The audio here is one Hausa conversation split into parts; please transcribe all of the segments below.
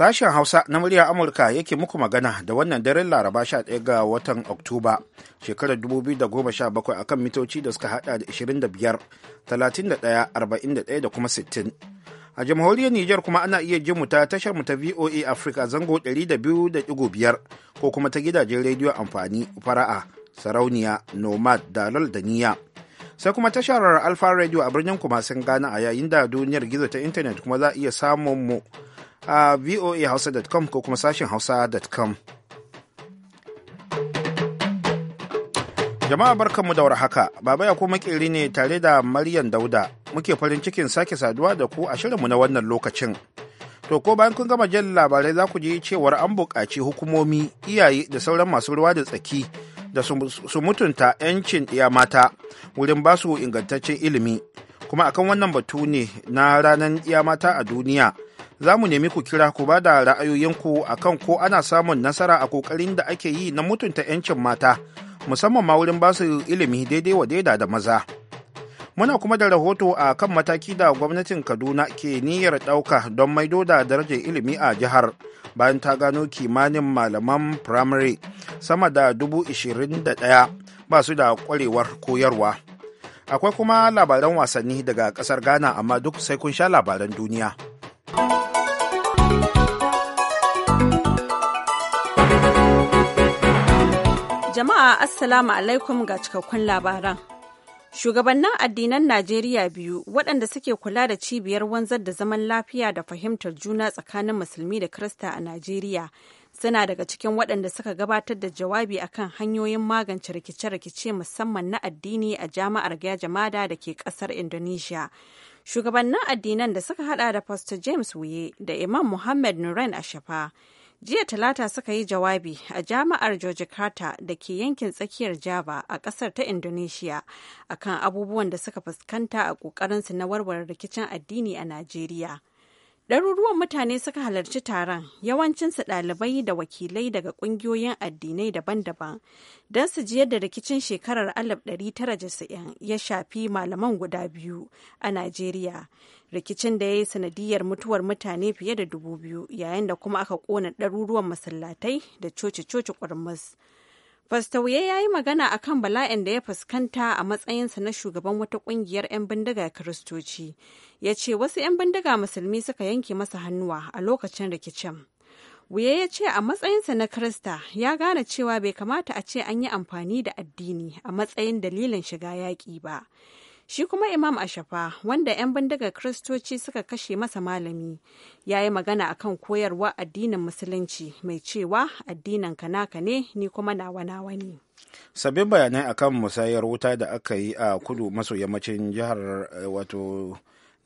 Sashen Hausa na muryar Amurka yake muku magana da wannan daren Laraba 11 ga watan Oktoba shekarar 2017 akan mitoci da suka hada da 25, 31, 41 da kuma 60. A jamhuriyar Nijar kuma ana iya jin mu ta tashar mu ta VOA Africa zango 200.5 ko kuma ta gidajen rediyo amfani fara'a, sarauniya, nomad, dalal da niyya. sai kuma tasharar alfa radio a birnin kuma sun gana a yayin da duniyar gizo ta intanet kuma za a iya samun mu a voahausa.com ko kuma sashen hausa.com. Jama'a Barkan mu da warhaka, Baba ya kuma makeri ne tare da Maryam Dauda muke farin cikin sake saduwa da ku a shirinmu na wannan lokacin. To ko bayan kun gama jan labarai za ku ji cewar an buƙaci hukumomi, iyaye da sauran masu ruwa da tsaki da su mutunta 'yancin iya mata wurin ba su ingantaccen ilimi. Kuma akan wannan batu ne na ranar iya mata a duniya za mu nemi ku kira ku ba da ra'ayoyinku a kan ko ana samun nasara a kokarin da ake yi na mutunta 'yancin mata musamman ma wurin basu ilimi daidai wa daida da maza muna kuma da rahoto a kan mataki da gwamnatin kaduna ke niyyar ɗauka don maido da darajar ilimi a jihar bayan ta gano kimanin malaman firamare sama da dubu ishirin da ɗaya ba su da ƙwarewar koyarwa akwai kuma labaran wasanni daga ƙasar ghana amma duk sai kun sha labaran duniya. Jama'a Assalamu alaikum ga cikakkun labaran. Shugabannin addinan Najeriya biyu waɗanda suke kula da cibiyar wanzar da zaman lafiya da fahimtar juna tsakanin musulmi da Kirista a Najeriya suna daga cikin waɗanda suka gabatar da jawabi akan hanyoyin magance rikice-rikice musamman na addini a jami'ar Jamada da ke ƙasar Indonesia. Shugabannin addinan da suka hada da Pastor James Wuye da Imam Muhammad Nuren Ashafa. jiya talata suka yi jawabi a jami'ar Carter da ke yankin tsakiyar java a kasar ta indonesia akan abubuwan da suka fuskanta a ƙoƙarinsu na warware rikicin addini a najeriya Ɗaruruwan mutane suka halarci taron yawancinsu ɗalibai da wakilai daga ƙungiyoyin addinai daban-daban don su ji yadda rikicin shekarar 1990 ya shafi malaman guda biyu a Najeriya. Rikicin da ya yi sanadiyar mutuwar mutane fiye da dubu biyu yayin da kuma aka ƙona ɗaruruwan masallatai da coci-coci ƙurmus. wuye ya yi magana a kan bala'in da ya fuskanta a matsayinsa na shugaban wata kungiyar 'yan bindiga Kiristoci, ya ce wasu 'yan bindiga musulmi suka yanke masa hannuwa a lokacin rikicin. Wuye ya ce a matsayinsa na Kirista ya gane cewa bai kamata a ce an yi amfani da addini a matsayin dalilin shiga yaƙi ba, Shi kuma Imam Ashafa wanda 'yan bindigar Kiristoci suka kashe masa malami ya yi magana akan koyarwa addinin Musulunci mai cewa addinin kanaka ne ni kuma nawa nawa ne. Sabbin bayanai akan musayar wuta da aka yi a kudu maso yammacin jihar eh, wato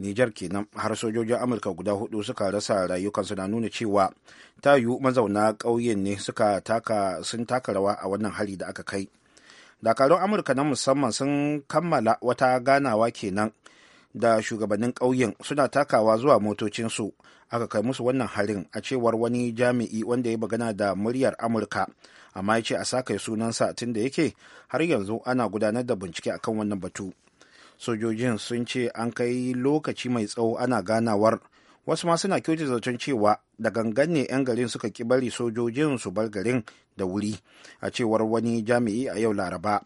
Nijar kenan har sojojin Amurka guda hudu suka rasa rayukansu na nuna cewa ta yiwu mazauna ƙauyen ne suka taka sun taka rawa a wannan hali da aka kai. dakarun amurka na musamman sun kammala wata ganawa kenan da shugabannin ƙauyen suna takawa zuwa motocinsu aka kai musu wannan harin a cewar wani jami'i wanda ya magana da muryar amurka amma ya ce a sakai sunansa tun da yake har yanzu ana gudanar da bincike akan wannan batu sojojin sun ce an kai lokaci mai tsawo ana ganawar wasu ma suna kyauta zaton cewa da gangan ne 'yan garin suka ki bari sojojin su bar garin da wuri a cewar wani jami'i a yau laraba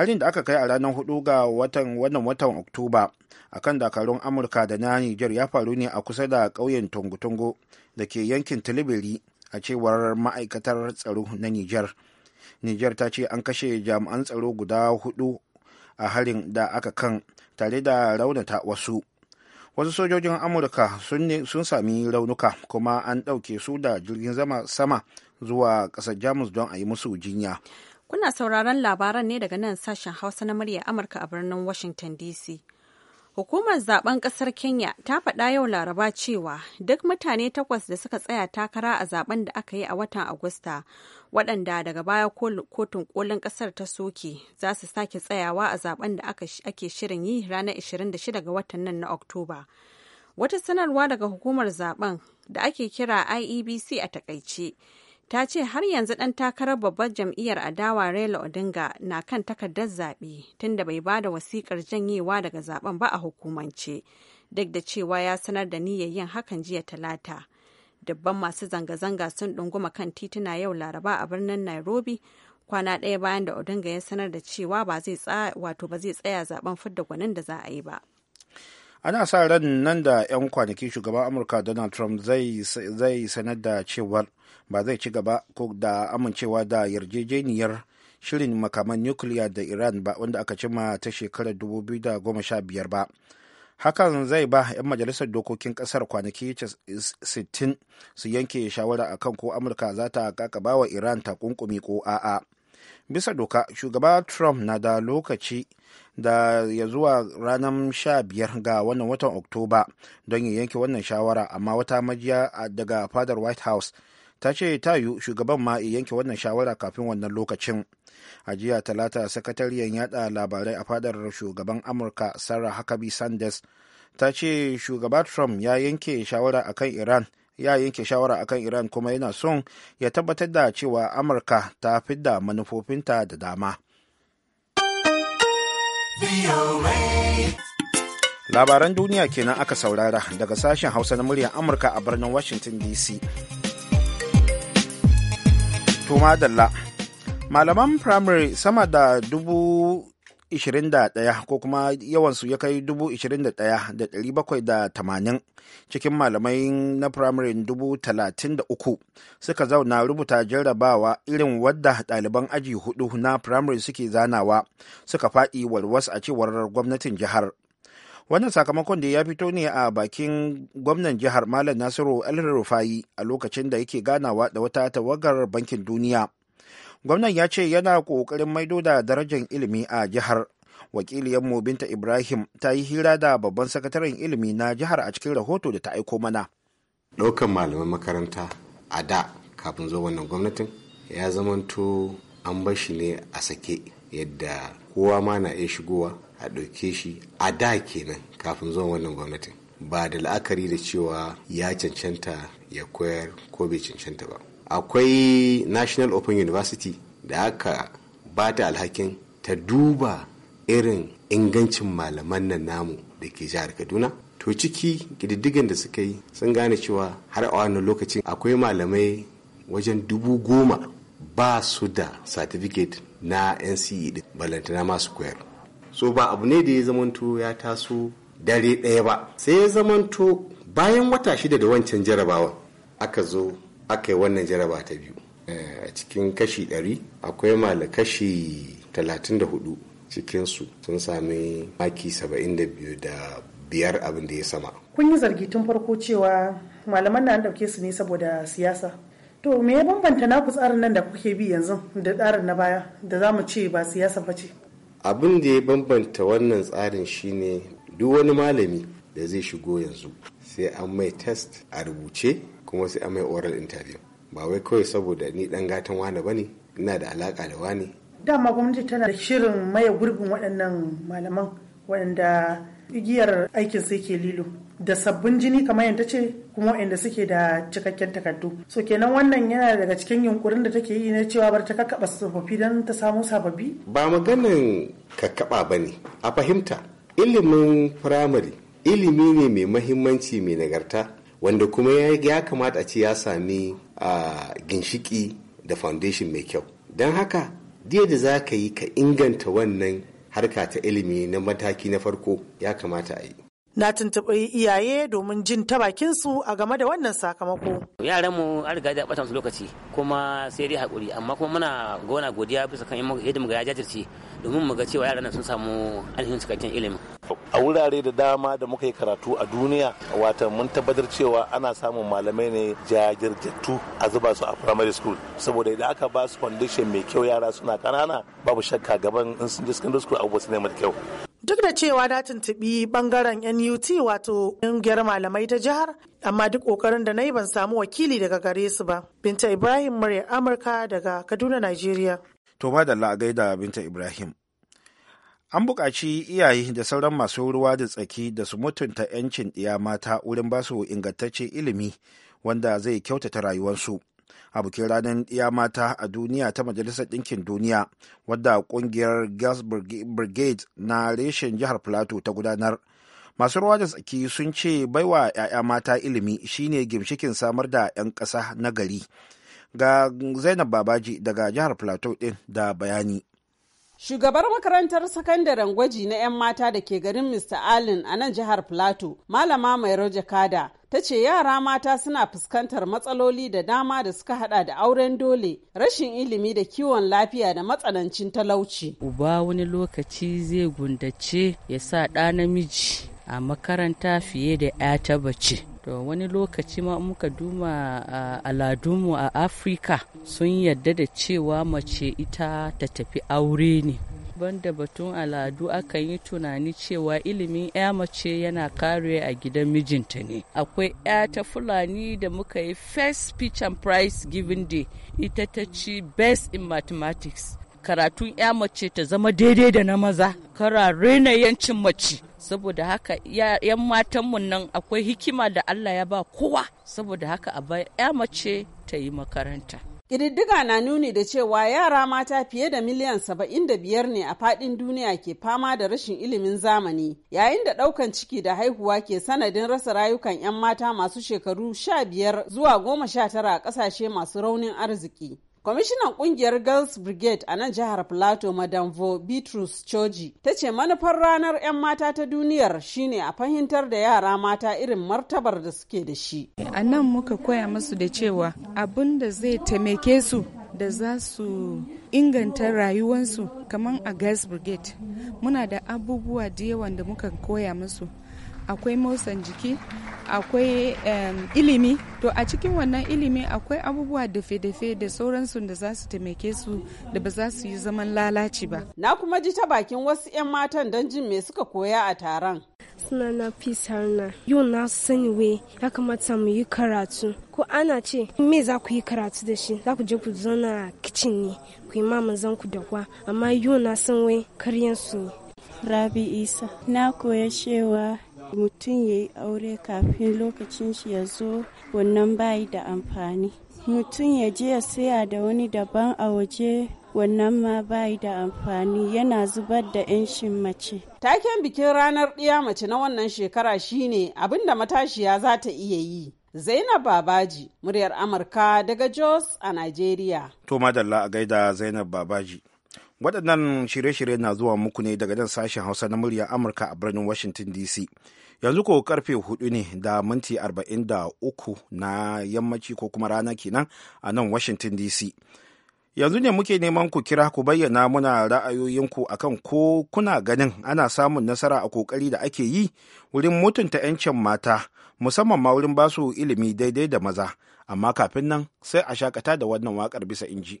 harin da aka kai a ranar hudu ga watan wannan watan oktoba a kan dakarun amurka da na niger ya faru ne a kusa da ƙauyen tongo-tongo da ke yankin tilibiri a cewar ma'aikatar tsaro na niger niger ta ce an kashe jami'an tsaro guda hudu a harin da aka kan tare da raunata wasu wasu sojojin amurka sun sami raunuka kuma an ɗauke su da jirgin sama zuwa ƙasar jamus don a yi musu jinya kuna sauraron labaran ne daga nan sashen hausa na murya amurka a birnin washington dc Hukumar zaben kasar Kenya ta faɗa yau Laraba cewa duk mutane takwas da suka tsaya takara a zaben da aka yi a watan Agusta, waɗanda daga baya kotun kolin ƙasar ta soke za su sake tsayawa a zaben da ake shirin yi ranar 26 ga watan nan na Oktoba. Wata sanarwa daga hukumar zaben da ake kira IEBC a takaice ta ce har yanzu ɗan takarar babbar jam'iyyar adawa Raila Odinga na kan takardar zaɓe tunda bai ba da wasiƙar janyewa daga zaben ba a hukumance duk da cewa ya sanar da niyyar yin hakan jiya talata. Dubban masu zanga-zanga sun ɗunguma kan tituna yau laraba a birnin Nairobi kwana ɗaya bayan da Odinga ya sanar da cewa wato ba zai tsaya zaben fidda gwanin da za a yi ba. ana sa ran nan da 'yan kwanaki shugaban amurka donald trump zai sanar da cewar ba zai ci gaba ko da amincewa da yarjejeniyar shirin makaman nukiliya da iran ba wanda aka cima ta shekarar 2015 ba hakan zai ba 'yan majalisar dokokin kasar kwanaki 60 su yanke shawara akan ko amurka za ta kakaba wa iran takunkumi ko a'a bisa doka shugaba trump na da lokaci da ya zuwa ranar 15 ga wannan watan oktoba don ya yanke wannan shawara amma wata majiya daga fadar white house ta ce ta yiwu shugaban ma yanke wannan shawara kafin wannan lokacin a jiya talata sakatariyar yada labarai a fadar shugaban amurka sarah huckabee sanders ta ce shugaba trump ya yanke shawara akan iran ya yanke shawara akan iran kuma yana son ya tabbatar da cewa amurka ta fidda manufofinta da dama labaran duniya kenan aka saurara daga sashen hausa na muryar amurka a birnin washington dc To madalla. Malaman firamare sama da dubu ko kuma yawansu ya kai da tamanin cikin malamai na firamare uku suka zauna rubuta jarrabawa irin wadda ɗaliban aji hudu na firamare suke zanawa suka faɗi walwas a cewar gwamnatin jihar wannan sakamakon da ya fito ne a bakin gwamnan jihar malam nasiru el-rufai a lokacin da yake ganawa da wata tawagar bankin duniya gwamnan ya ce yana kokarin maido da darajar ilimi a jihar wakiliyanmu binta ibrahim ta yi hira da babban sakataren ilimi na jihar a cikin rahoto da ta aiko mana ɗaukan malaman makaranta a da kafin zo wannan gwamnatin ya zamanto an bar shi ne a sake yadda kowa ma na iya shigowa a ɗauke shi a da kenan kafin zuwan wannan gwamnatin ba da la'akari da cewa ya cancanta ya koyar ko bai cancanta ba akwai national open university da aka ba ta alhakin ta duba irin ingancin malaman nan namu da ke jihar kaduna to ciki ƙididdigan da suka yi sun gane cewa har a wannan lokacin akwai malamai wajen dubu goma ba su da certificate na nce din balantana masu koyar so ba abu ne da ya zamanto ya taso dare ɗaya ba sai ya zamanto bayan wata shida da wancan jarabawan aka zo aka yi wannan jaraba ta biyu eh, a cikin kashi ɗari akwai mala kashi talatin da hudu cikinsu sun sami maki saba'in da biyu da biyar abin da ya sama kun yi zargi tun farko cewa malaman na an ɗauke su ne saboda siyasa to me ya bambanta naku tsarin nan da kuke bi yanzu da tsarin na baya da za mu ce ba siyasa ba ce abin da ya bambanta wannan tsarin shine duk wani malami da zai shigo yanzu sai an mai test a rubuce kuma sai an mai oral interview ba wai kawai saboda ni dan gatan wani bane ina da alaka da wani dama gwamnati tana da shirin maye gurbin waɗannan malaman waɗanda igiyar aikin su yake lilo da sabbin jini kamar yadda ce kuma waɗanda suke da cikakken takardu so kenan wannan yana daga cikin yunkurin da take yi na cewa bar ta kakkaɓa tsofaffi don ta samu sababbi ba maganin kakkaɓa ba ne a fahimta ilimin firamare ilimi ne mai mahimmanci mai nagarta wanda kuma ya kamata a ce ya sami ginshiki da foundation mai kyau don haka jiya da za ka yi ka inganta wannan harka ta ilimi na mataki na farko ya kamata a yi Na tuntuɓi iyaye domin jin ta bakinsu a game da wannan sakamako. Yaran mu an riga da ɓatan su lokaci kuma sai dai haƙuri amma kuma muna gona godiya bisa kan yadda muga ya jajirce domin muga cewa yaran nan sun samu alhin cikakken ilimi. A wurare da dama da muka yi karatu a duniya wata mun tabbatar cewa ana samun malamai ne jajirjattu a zuba su a primary school saboda idan aka ba su foundation mai kyau yara suna kanana babu shakka gaban in sun je secondary school abubuwa su ne kyau. duk da cewa na tuntuɓi bangaren nut wato ƙungiyar malamai ta jihar amma duk ƙoƙarin da na yi ban samu wakili daga gare su ba binta ibrahim murya amurka daga kaduna Najeriya. to madalla a gaida binta ibrahim an buƙaci iyaye da sauran masu ruwa da tsaki da su mutunta 'yancin ɗiya mata wurin ba su ingantaccen ilimi wanda zai kyautata rayuwarsu a bikin ranar ɗiya mata a duniya ta majalisar ɗinkin duniya wadda ƙungiyar gas brigade na reshen jihar plateau ta gudanar masu ruwa da tsaki sun ce baiwa 'ya'ya mata ilimi shine gimshikin samar da 'yan ƙasa na gari ga zainab babaji daga jihar plateau ɗin da bayani Shugabar makarantar sakandaren gwaji na 'yan mata da ke garin Mr. Allen a nan jihar Plateau, Malama Mai Roja Kada, ta ce yara mata suna fuskantar matsaloli da dama da suka hada da auren dole rashin ilimi da kiwon lafiya da matsanancin talauci uba wani lokaci zai gundace ya sa ɗa namiji a makaranta fiye da 'ya ta bace to wani lokaci ma muka duma aladunmu a afirka sun yadda da cewa mace ita ta tafi aure ne da batun al'adu akan yi tunani cewa ilimin ya mace yana kare a gidan mijinta ne akwai ya ta fulani da muka yi first speech and prize giving day ita ta ci best in mathematics karatun ya mace ta zama daidai da na maza Karare na yancin mace saboda haka yan matanmu nan akwai hikima da allah ya ba kowa saboda haka a ya mace ta yi makaranta Ƙididdiga na nuni da cewa yara mata fiye da miliyan saba'in da biyar ne a faɗin duniya ke fama da rashin ilimin zamani, yayin da ɗaukan ciki da haihuwa ke sanadin rasa rayukan 'yan mata masu shekaru 15 zuwa 19 a ƙasashe masu raunin arziki. Kwamishinan kungiyar Girls Brigade a nan jihar Plateau madamvo Bitrus Choji ta ce manufar ranar 'yan mata ta duniyar shine a fahimtar da yara mata irin martabar da suke da shi. A nan muka koya musu da cewa abin da zai taimake su da za su inganta rayuwansu kamar a Girls Brigade. Muna da abubuwa da yawan da muka koya musu. akwai motsa jiki akwai ilimi to a cikin wannan ilimi akwai abubuwa dafe-dafe da sauransu da za su taimake su da ba za su yi zaman lalaci ba na kuma ji ta bakin wasu 'yan matan don jin mai suka koya a taron suna na na yau na sani we ya kamata mu yi karatu ko ana ce me za ku yi karatu da shi za ku je ku zauna a kicin ne ku yi mamazan ku da kwa amma yau na san we karyansu ne rabi isa na koya cewa mutum ya yi aure kafin lokacin shi ya zo wannan bayi da amfani mutum ya je ya saya da wani daban a waje wannan ma bayi da amfani yana zubar da 'yancin mace. Taken bikin ranar ɗiya mace na wannan shekara shine abinda matashiya za ta iya yi. Zainab Babaji, muryar Amurka daga Jos a Najeriya. To madalla a gaida Zainab Babaji. waɗannan shirye-shirye na zuwa muku ne daga nan sashen hausa na murya amurka a birnin washington dc yanzu ko karfe hudu ne da minti 43 na yammaci ko kuma rana kenan a nan washington dc yanzu ne muke neman ku kira ku bayyana muna ra'ayoyinku akan ko kuna ganin ana samun nasara a kokari da ake yi wurin mutunta 'yancin mata musamman ma wurin basu ilimi daidai da maza amma kafin nan sai a shakata da wannan wakar bisa inji.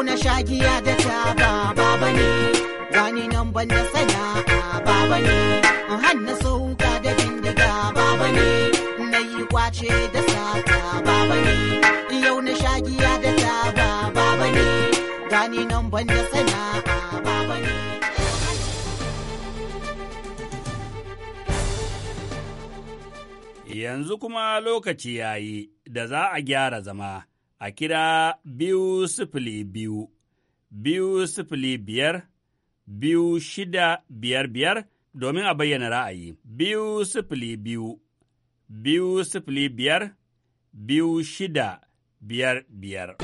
yau na shagiya da taba baba ne wani nan ban da sana'a baba ne hannu sauka da bindiga baba ne na yi kwace da saka baba ne yau na shagiya da taba baba ne wani nan ban da sana'a baba ne Yanzu kuma lokaci yayi da za a gyara zama. a kira biyu sifili biyu, biyu sifili biyar, biyu shida biyar biyar domin a bayyana ra'ayi. Biyu sifili biyu, biyu sifili biyar, biyu shida biyar biyar.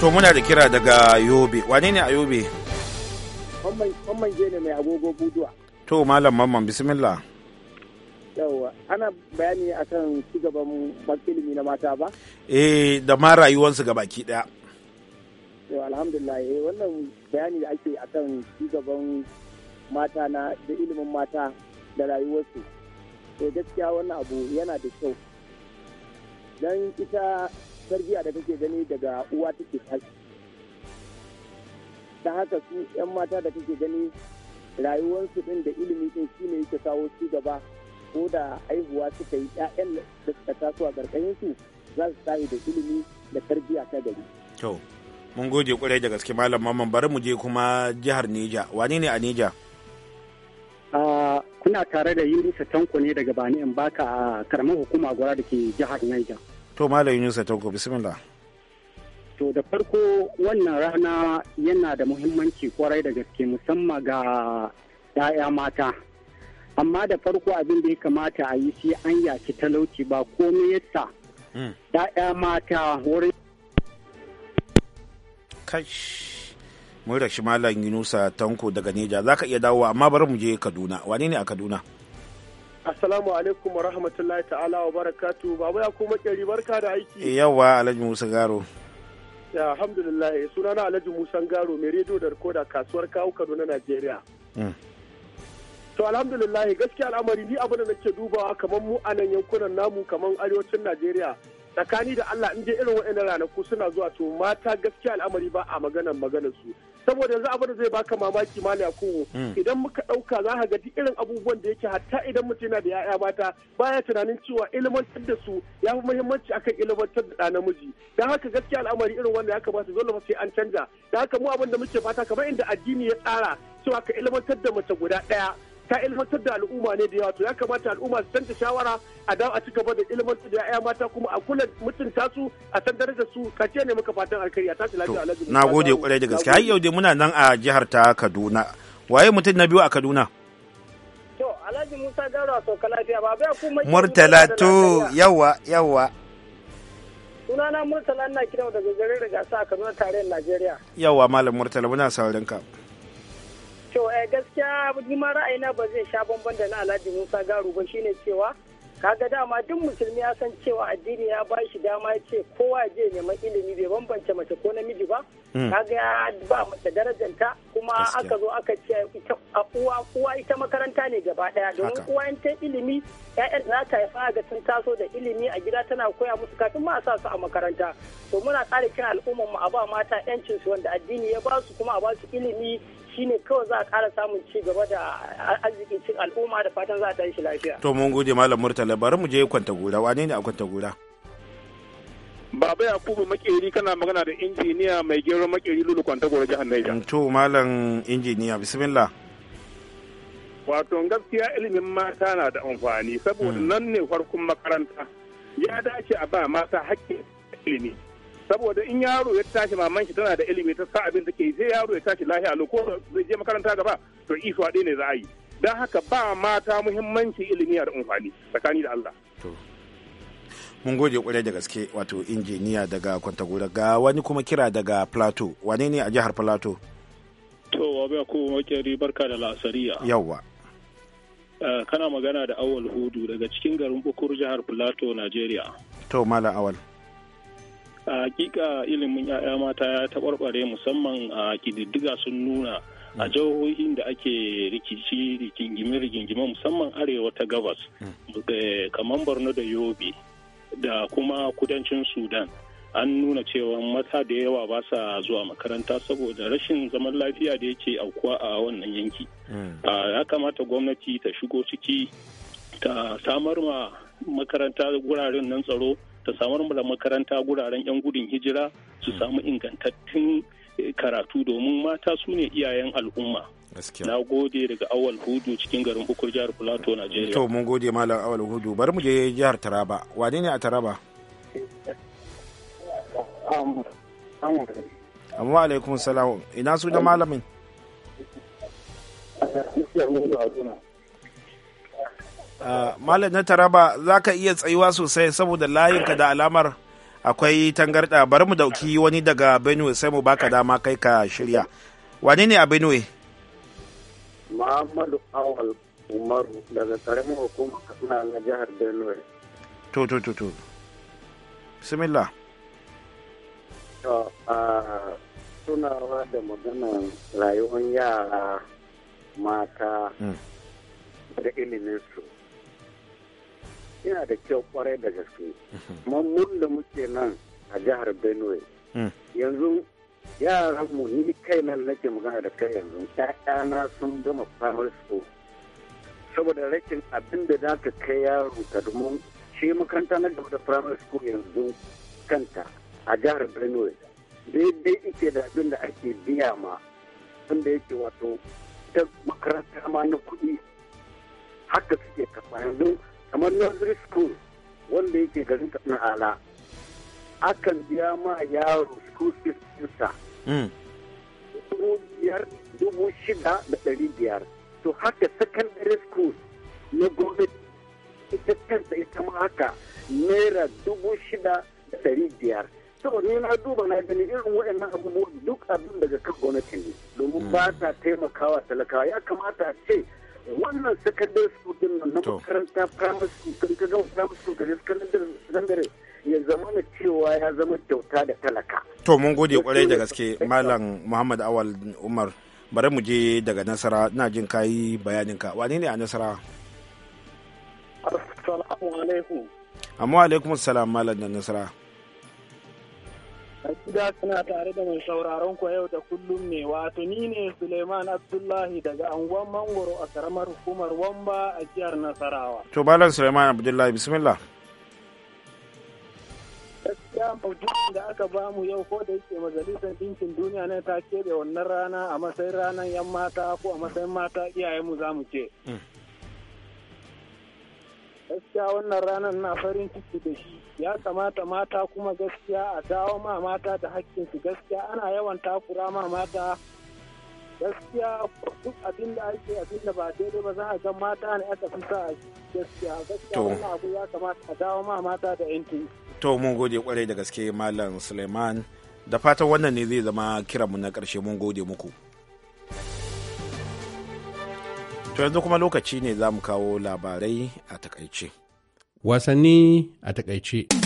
To muna da kira daga Yobe, wane ne a Yobe? Mamman ne mai agogo buduwa. to malam mamman bismillah yawwa ana bayani akan cigaban ilimi na mata ba eh da ma rayuwarsu ga baki daya yau alhamdulillah eh wannan bayani da ake akan cigaban mata na da ilimin mata da rayuwarsu to eh, gaskiya wannan abu yana da kyau dan ita tarbiyya da kake gani daga uwa take ta haka su 'yan mata da kake gani rayuwarsu din da ilimi din ne yake kawo ci gaba ko da haihuwa suka yi ƴaƴan da suka taso a ƙarƙashin su za su tashi da ilimi da tarbiyya ta gari. To, mun gode kwarai da gaske malam mamman bari mu je kuma jihar Neja. Wani ne a Neja? kuna tare da Yunusa Tanko ne daga Bani in baka a karamar hukuma gwara da ke jihar Neja. To, malam Yunusa Tanko, bismillah. To da farko wannan rana yana da muhimmanci kwarai da gaske musamman ga 'ya'ya mata. Amma da farko abin da ya kamata a yi shi an yaki talauci ba komai yasa hmm. 'ya'ya mata wurin. Kash, mun rashi Malam Yunusa Tanko daga Neja, za ka iya dawo amma bari mu je Kaduna, wani ne a Kaduna? Assalamu alaikum wa rahmatullahi ta'ala wa barakatu. Babu ya kuma ƙyari barka da aiki. Eh, yawa Alhaji Musa Garo. alhamdulillah sunana alhaji musan garo mai rediyo da rikoda kasuwar kawo kano na najeriya mm. to alhamdulillah gaskiya al'amari ni abin da nake dubawa kamar mu a nan yankunan namu kamar arewacin najeriya tsakani da Allah in je irin waɗannan ranaku suna zuwa to mata gaskiya al'amari ba a maganar maganar su saboda yanzu abin da zai baka mamaki mali a kowo idan muka ɗauka za ka ga duk irin abubuwan da yake hatta idan mutum yana da ya'ya mata baya tunanin cewa ilmantar da su ya fi muhimmanci akan ilmantar da ɗa namiji don haka gaskiya al'amari irin wanda ya kamata dole fa sai an canja don haka mu abin da muke fata kamar inda addini ya tsara cewa ka ilmantar da mace guda ɗaya ta ilmantar da al'umma ne da yawa to ya kamata al'umma su canza shawara a dawo a ci gaba da ilmantar da ya'ya mata kuma a kula mutunta su a san da su kace ne muka fatan alkhairi a tashi lafiya alhaji na gode kwarai da gaske har yau dai muna nan a jihar ta Kaduna waye mutum na biyu a Kaduna to alhaji Musa Garo a sokala lafiya ba bai kuma Murtala to yawa yawa sunana Murtala na kira daga garin gasa a Kaduna tarayyar Najeriya yawa malam Murtala muna sauraron ka To eh gaskiya ni ma ra'ayina ba zai sha bamban da na Alhaji Musa Garu ba shine cewa kaga dama duk musulmi ya san cewa addini ya ba shi dama ya ce kowa je neman ilimi bai bambance mace ko namiji ba hmm. kaga ya ba mace darajanta kuma aka zo aka ce ita uwa uwa ita makaranta ne gaba daya domin uwa in ta ilimi ƴaƴan za ta haifa ga sun taso da ilimi a gida tana koya musu kafin ma a sa su a makaranta to muna kare kira al'ummar mu a ba mata ƴancin su wanda addini ya ba su kuma a ba su ilimi ne kawai za a kara samun ci gaba da arzikin cin al'umma da fatan za a tashi lafiya. To mun gode Malam Murtala bari mu je kwanta gura wane ne a kwanta gura. Baba Yakubu Makeri kana magana da injiniya mai gero Makeri Lulu kwanta gura jihar Niger. Mm, to Malam injiniya bismillah. Wato gaskiya ilimin mata na da amfani saboda mm. nan ne farkon makaranta ya dace a ba mata hakkin ilimi. saboda in yaro ya tashi maman shi tana da ilimi ta sa abin take sai yaro ya tashi lahiya a ko zai je makaranta gaba to isu ɗaya ne za a yi don haka ba mata muhimmanci ilimi da amfani tsakani da Allah. mun gode kwarai da gaske wato injiniya daga kwantagora ga wani kuma kira daga plateau wane ne a jihar plateau to wabe ko makeri barka da la'asariya yawwa eh, kana magana da awal hudu daga cikin garin bukur jihar plateau nigeria to Mala awal a hakika ilimin 'ya'ya mata ya taɓarɓare musamman a kididdiga sun nuna a mm. jihohin da ake rikici rigingime rigingime musamman arewa ta gabas mm. eh, kamar borno da yobe da kuma kudancin sudan an nuna cewa mata da yawa ba sa zuwa makaranta saboda rashin zaman lafiya da yake aukuwa a wannan yanki mm. ya kamata gwamnati ta shigo ciki ta samar ma makaranta wuraren nan tsaro ta samar da makaranta guraren 'yan gudun hijira su hmm. samu ingantattun eh, karatu domin mata su ne iyayen al'umma na gode daga awal hudu cikin garin bukur jihar plateau nigeria to mun gode malam awal hudu bari mu je jihar taraba wane ne a taraba amma alaikum salamu. ina su da malamin Ah, malam na taraba za ka iya tsayuwa sosai saboda layinka da alamar akwai tangarɗa bari mu dauki wani daga benue sai mu baka dama kai ka shirya wani ne a benue muhammadu awal umaru daga karamin hukumar katsina na jihar benue to to to to bismillah to a ah, tunawa da magana rayuwar yara mata hmm. da iliminsu yana da kyau kwarai da gaske mhm. mun da muke nan a jihar benue mm. yanzu yaran mu ni kai nan nake magana da kai yanzu ƴaƴana sun gama primary school saboda rashin abin da za ka kai yaro ta domin shi makaranta na gaba da primary school yanzu kanta a jihar benue daidai ike da abin da ake biya ma wanda yake wato ta makaranta ma na kuɗi haka suke kafa yanzu kamar nursery school wanda yake garin na ala akan biya ma yaro school fees ɗinsa mm. dubu biyar dubu shida da ɗari biyar to haka secondary school na gwamnati ita kanta ita ma haka naira dubu shida da ɗari biyar to ni na duba na gani irin waɗannan abubuwan duk abin daga kan gwamnati ne domin mm. ba ta taimakawa talakawa ya kamata a ce wannan secondary school din na makaranta primary school din ka gama primary school da secondary ya zama na cewa ya zama kyauta da talaka to mun gode kwarai da gaske malam muhammad awal umar bari mu je daga nasara amma alaikum salam malam da nasara gida suna tare da mai sauraron ku yau da kullum ne wato ni ne Suleiman Abdullahi daga angon Mangoro a karamar hukumar Wamba a jihar Nasarawa. To Malam Suleiman Abdullahi bismillah. gaskiya maudu'in da aka bamu yau ko da yake majalisar ɗinkin duniya ne ta keɓe wannan rana a matsayin ranar 'yan mata ko a matsayin mata iyayenmu za mu ce. Mm. gaskiya wannan ranar na farin ciki da shi ya kamata mata kuma gaskiya a dawo ma mata da hakkinsu gaskiya ana yawan takura ma mata gaskiya duk abin da ake abin da ba daidai ba za a ga mata ne aka fi sa a gaskiya gaskiya wannan abu ya kamata a dawo ma mata da yanki to mun gode kwarai da gaske malam suleiman da fatan wannan ne zai zama kiranmu na karshe mun gode muku to yanzu kuma lokaci ne za mu kawo labarai a takaice. Wasanni a takaice.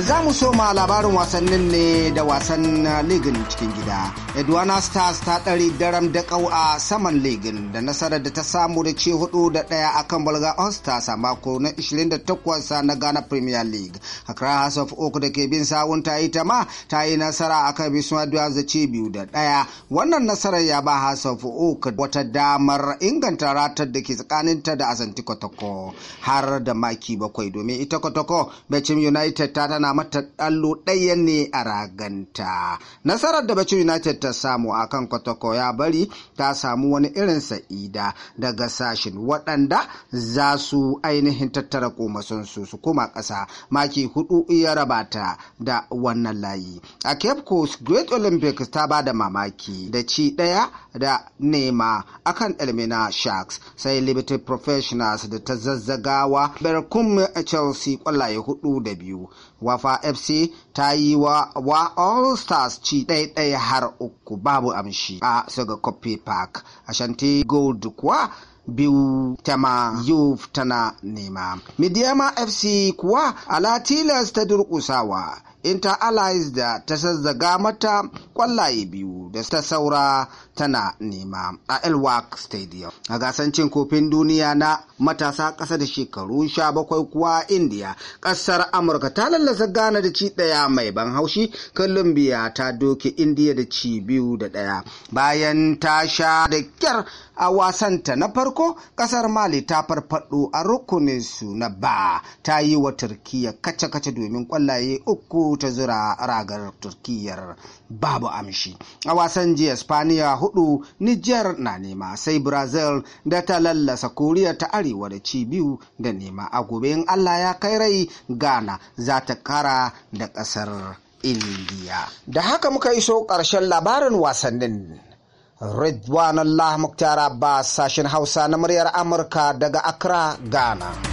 Za mu soma labarin wasannin ne da wasan ligin cikin gida. Edwana Stars ta ɗari daram da ƙau a saman ligin da nasarar da ta samu da ce hudu da ɗaya a kan Bulga Stars a mako na 28 na Ghana Premier League. kira House of Oak da ke bin sawun ta yi ta ma ta yi nasara a kan bisu da ce biyu da ɗaya. Wannan nasarar ya ba House of Oak wata damar inganta ratar da ke tsakaninta da Azanti Kotoko har da maki bakwai domin ita Kotoko Bechim United ta ana mata ɗallo ɗaya ne a raganta nasarar da bacci united ta samu a kan kwatako ya bari ta samu wani irin sa'ida daga sashin waɗanda za su ainihin tattara komasansu su su kuma ƙasa maki hudu ya raba ta da wannan layi a cape coast great olympics ta ba da mamaki da ci ɗaya da nema akan elmina sharks sai liberty professionals da ta zazzagawa berkum chelsea kwallaye hudu da biyu wafa fc ta yi wa, wa all stars ci ɗaiɗai har uku babu amshi a saga coffee park ashanti gold kuwa biyu tama yuf tana nema midiyama fc kuwa ala tilas ta durƙusawa inter allies da ta zazzaga mata kwallaye biyu da ta saura tana nema a elwak stadium a gasan cin kofin duniya na matasa kasa da shekaru 17, bakwai kuwa india ƙasar amurka ta lallasa gana da ci ɗaya mai ban haushi columbia ta doke india da ci biyu da ɗaya bayan ta sha da kyar a wasanta na farko ƙasar mali ta farfaɗo a rukunin su na ba ta yi wa turkiya kace-kace domin kwallaye uku ta zura ragar turkiyar babu amshi a wasan jiya spaniya hudu niger na nema sai brazil da ta lallasa koriya ta arewa da ci biyu da nema a gobe in allah ya kai rai ghana za ta kara da kasar indiya da haka muka iso ƙarshen labarin wasannin Ridwan Allah Muktar Abbas sashen Hausa na muryar Amurka daga Accra, Ghana.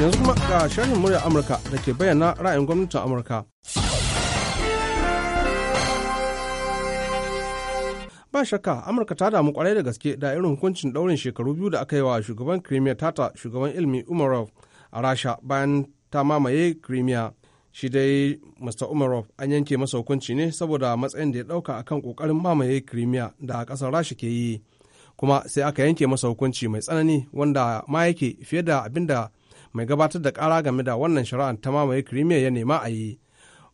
yanzu kuma ga sharhin murya amurka da ke bayyana ra'ayin gwamnatin amurka ba shakka amurka ta damu kwarai da gaske da irin hukuncin daurin shekaru biyu da aka yi wa shugaban crimea tata shugaban ilmi umarov a rasha bayan ta mamaye crimea shi dai mr umarov an yanke masa hukunci ne saboda matsayin da ya dauka akan kokarin mamaye crimea da a kasar rasha ke yi kuma sai aka yanke masa hukunci mai tsanani wanda ma yake fiye da abin da mai gabatar da kara game da wannan shari'ar ta mamaye crimea ya nema a yi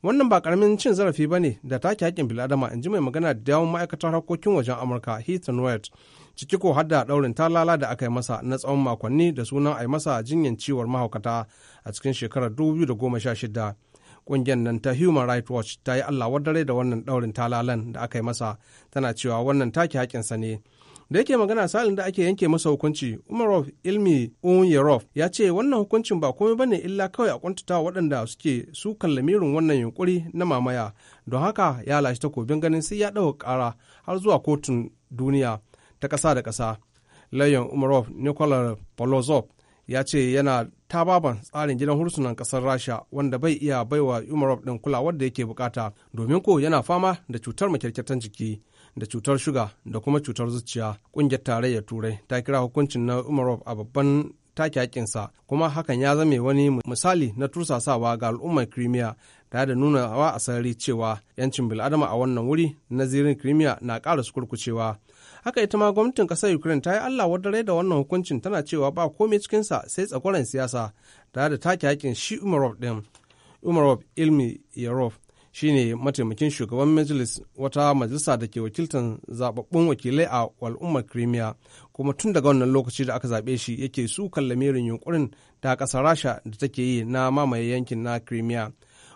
wannan ba karamin cin zarafi ba ne da take haƙƙin biladama in ji mai magana da yawon ma'aikatar harkokin wajen amurka heathen white ciki ko hadda daurin talala da aka yi masa na tsawon makonni da sunan a yi masa jinyan ciwon mahaukata a cikin shekarar da 2016 ƙungiyar nan ta human rights watch ta yi allah dare da wannan daurin talalan da aka yi masa tana cewa wannan take haƙƙinsa ne da yake magana salin da ake yanke masa hukunci umarov ilmi unyarov ya ce wannan hukuncin ba komai bane illa kawai a kwantata waɗanda suke su lamirin wannan yunkuri na mamaya don haka ya lashe takobin ganin sai ya ɗaga ƙara har zuwa kotun duniya ta ƙasa da ƙasa layan umarov nikola polozov ya ce yana tababan tsarin gidan hursunan ƙasar rasha wanda bai iya baiwa umarov ɗin kulawar da yake bukata domin ko yana fama da cutar makirkatan jiki da cutar shuga da kuma cutar zuciya ƙungiyar tarayyar turai ta kira hukuncin na umarov a babban take hakinsa kuma hakan ya zame wani misali na tursasawa ga al'ummar crimea ta da nunawa a sarari cewa 'yancin bil'adama a wannan wuri na zirin crimea na ƙara su kurkucewa haka ita ma gwamnatin ƙasar ukraine ta yi allah wadare da wannan hukuncin tana cewa ba komai cikinsa sai tsakwaran siyasa ta da take hakin shi umarov ɗin umarov ilmi yarov shine mataimakin shugaban majalis wata majalisa da ke wakiltar zababbun wakilai a al'ummar crimea kuma tun daga wannan lokaci da aka zaɓe shi yake su lamirin yunkurin da ƙasar rasha da take yi na mamaye yankin na crimea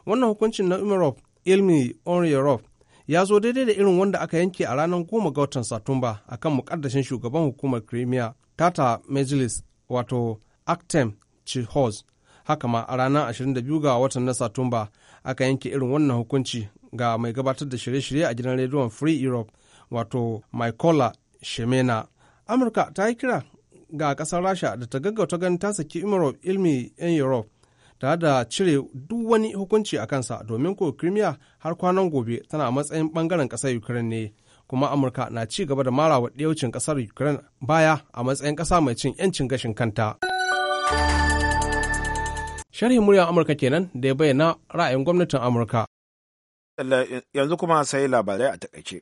wannan hukuncin na umarov ilmi onyarov ya zo daidai da irin wanda aka yanke a ranar goma ga watan satumba akan mukaddashin shugaban hukumar crimea tata majalis wato actem chihos haka ma a ranar 22 ga watan na satumba aka yanke irin wannan hukunci ga mai gabatar da shirye-shirye a gidan rediyon free europe wato michaela shemena amurka ta yi kira ga kasar rasha da ta gaggauta ganin ta saki imarov ilmi 'yan europe tare da cire duk wani hukunci a kansa domin ko crimea har kwanan gobe tana matsayin bangaren kasar ukraine ne kuma amurka na ci gaba da marawa ɗaucin kasar ukraine baya a matsayin ƙasa mai cin 'yancin gashin kanta. Sharhin muryar Amurka kenan da ya bayyana ra'ayin gwamnatin Amurka. Yanzu kuma sai labarai a takaice.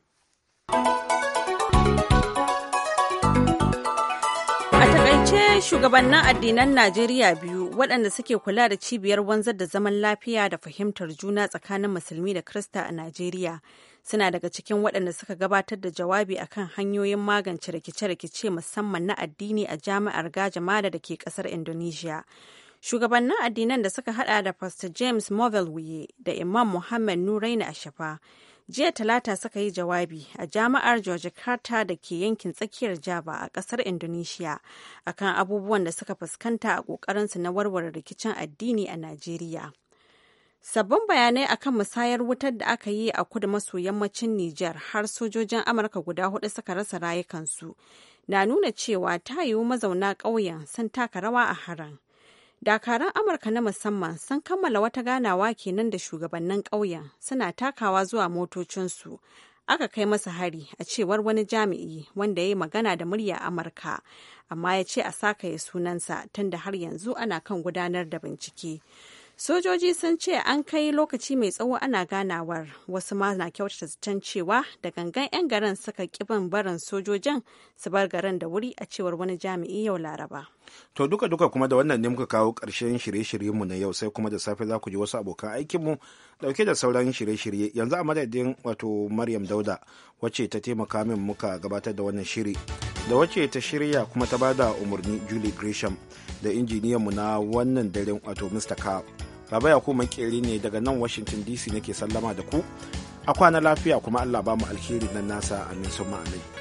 A takaice shugabannin addinan Najeriya biyu waɗanda suke kula da cibiyar wanzar da zaman lafiya da fahimtar juna tsakanin musulmi da Krista a Najeriya suna daga cikin waɗanda suka gabatar da jawabi akan hanyoyin magance rikice-rikice musamman na addini a jami'ar Gajamada da ke ƙasar Indonesia. Shugabannin addinan da suka hada da Pastor James Movell Wuye da Imam Muhammad Nuraini Ashafa jiya talata suka yi jawabi a jami'ar carter da ke yankin tsakiyar Java a kasar Indonesia akan abubuwan da suka fuskanta a ƙoƙarinsu na warware rikicin addini a Najeriya. Sabbin bayanai akan musayar wutar da aka yi a kudu maso yammacin Nijar har sojojin Amurka guda hudu suka rasa rayukansu na nuna cewa ta yiwu mazauna ƙauyen sun taka rawa a haran. Dakaran Amurka na musamman sun kammala wata ganawa kenan da shugabannin ƙauyen suna takawa zuwa motocinsu. Aka kai masa hari a cewar wani jami'i wanda ya yi magana da murya Amurka, amma ya ce a sakaye sunansa tunda har yanzu ana kan gudanar da bincike. sojoji sun ce an kai lokaci mai tsawo ana ganawar wasu ma na kyautata zaton cewa da gangan 'yan garin suka kiban barin sojojin su bar garin da wuri a cewar wani jami'i yau laraba to duka duka kuma da wannan ne muka kawo karshen shirye-shiryenmu na yau sai kuma da safe za ku ji wasu abokan aikinmu dauke da sauran shirye-shirye yanzu a madadin wato maryam dauda wacce ta taimaka min muka gabatar da wannan shiri da wacce ta shirya kuma ta bada umarni julie gresham da injiniyanmu na wannan daren wato mr carl rabaya ko makeri ne daga nan washington dc nake sallama da ku a kwana lafiya kuma allah ba mu alheri nan nasa amin sun ma'amai.